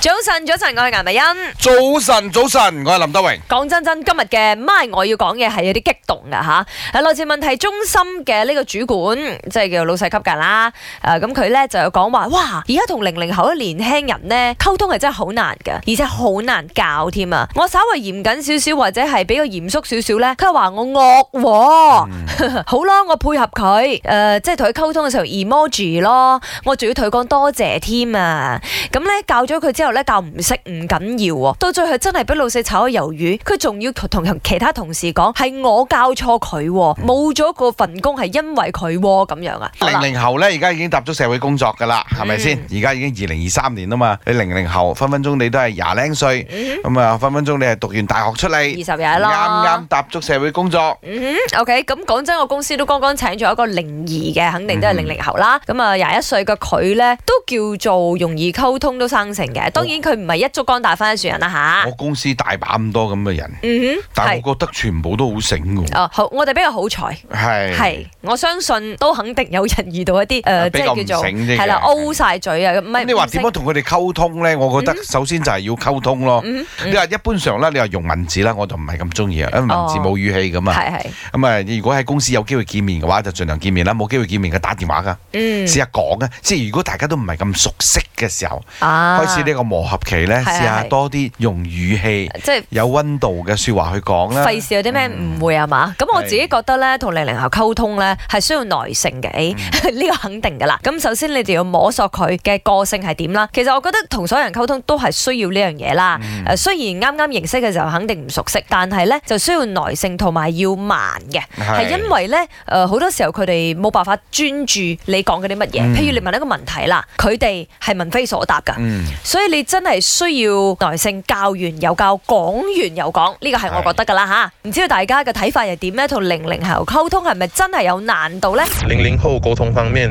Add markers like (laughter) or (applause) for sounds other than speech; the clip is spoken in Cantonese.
早晨，早晨，我係顏麗欣。早晨，早晨，我係林德榮。講真真，今日嘅 MY 我要講嘢係有啲激動噶吓，係來自問題中心嘅呢個主管，即係叫老細級噶啦。誒、呃，咁佢咧就講話，哇，而家同零零後嘅年輕人咧溝通係真係好難噶，而且好難教添啊。我稍微嚴謹少少或者係比較嚴肅少少咧，佢話我惡、哦，嗯、 (laughs) 好啦，我配合佢，誒、呃，即係同佢溝通嘅時候 emoji 咯，我仲要同佢講多謝添啊。咁咧教咗佢之後。咧教唔識唔緊要喎，到最後真係俾老細炒咗魷魚，佢仲要同其他同事講係我教錯佢，冇、嗯、咗個份工係因為佢咁樣啊。零零後呢，而家已經踏足社會工作噶啦，係咪先？而家已經二零二三年啊嘛，你零零後分分鐘你都係廿零歲，咁啊分分鐘你係讀完大學出嚟，二十日啦，啱啱踏足社會工作。O K，咁講真，我公司都剛剛請咗一個零二嘅，肯定都係零零後啦。咁啊廿一歲嘅佢呢，都叫做容易溝通，都生成嘅。當然佢唔係一竹篙打翻一船人啦嚇。我公司大把咁多咁嘅人。嗯、但係我覺得全部都好、啊、好醒㗎。我哋比較好彩。係。我相信都肯定有人遇到一啲誒，即、呃、係、呃就是、叫做唔醒嘅。係啦，O 晒嘴啊，呃呃呃呃、麼你話點樣同佢哋溝通咧？我覺得首先就係要溝通咯。嗯、你話一般上咧，你話用文字啦，我就唔係咁中意啊，因為文字冇語氣咁啊。咁、哦、誒，如果喺公司有機會見面嘅話，就盡量見面啦。冇機會見面嘅，打電話㗎。嗯。試下講啊，即係如果大家都唔係咁熟悉嘅時候，開始呢個磨合期咧，試下多啲用語氣，即係有溫度嘅説話去講啦。費事有啲咩誤會呀嘛？咁我自己覺得咧，同零零後溝通咧係需要耐性嘅，呢個肯定㗎啦。咁首先你哋要摸索佢嘅個性係點啦。其實我覺得同所有人溝通都係需要呢樣嘢啦。誒，雖然啱啱認識嘅時候肯定唔熟悉，但係咧就需要耐性同埋要慢嘅，係因為咧誒好多時候佢哋冇辦法專注你講嘅啲乜嘢。譬如你問一個問題啦，佢哋係問非所答㗎，所以你。真係需要耐性，教完又教，講完又講，呢個係我覺得噶啦吓。唔知道大家嘅睇法又點呢？同零零後溝通係咪真係有難度呢？零零後溝通方面。